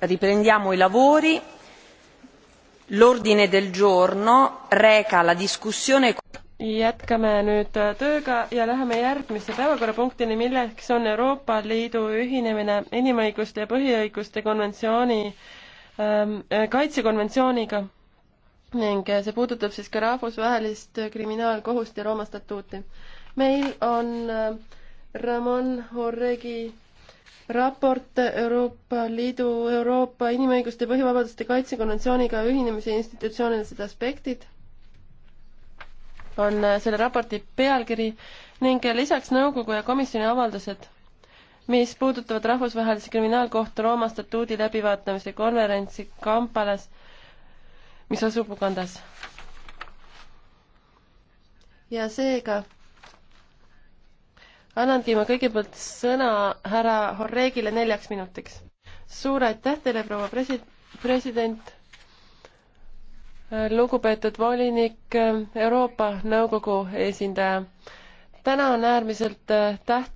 riprendiamo i lavori l'ordine del giorno reca la discussione jätkame nüüd äh, tööga ja läheme järgmise päevakorrapunktini, milleks on Euroopa Liidu ühinemine inimõiguste ja põhiõiguste konventsiooni ähm,, äh, kaitsekonventsiooniga ning äh, see puudutab siis ka rahvusvahelist kriminaalkohust ja Rooma statuuti. meil on Ramon Horregi raport Euroopa Liidu, Euroopa Inimõiguste ja Põhivabaduste Kaitsekonventsiooniga ühinemise institutsioonilised aspektid on äh, selle raporti pealkiri ning äh, lisaks nõukogu ja komisjoni avaldused, mis puudutavad Rahvusvahelise Kriminaalkohtu Rooma statuudi läbivaatamise konverentsi Kampalas, mis asub Ugandas. ja seega annangi ma kõigepealt sõna härra Horregile neljaks minutiks. suur aitäh teile, proua presi-, president, lugupeetud volinik, Euroopa Nõukogu esindaja. täna on äärmiselt täht-,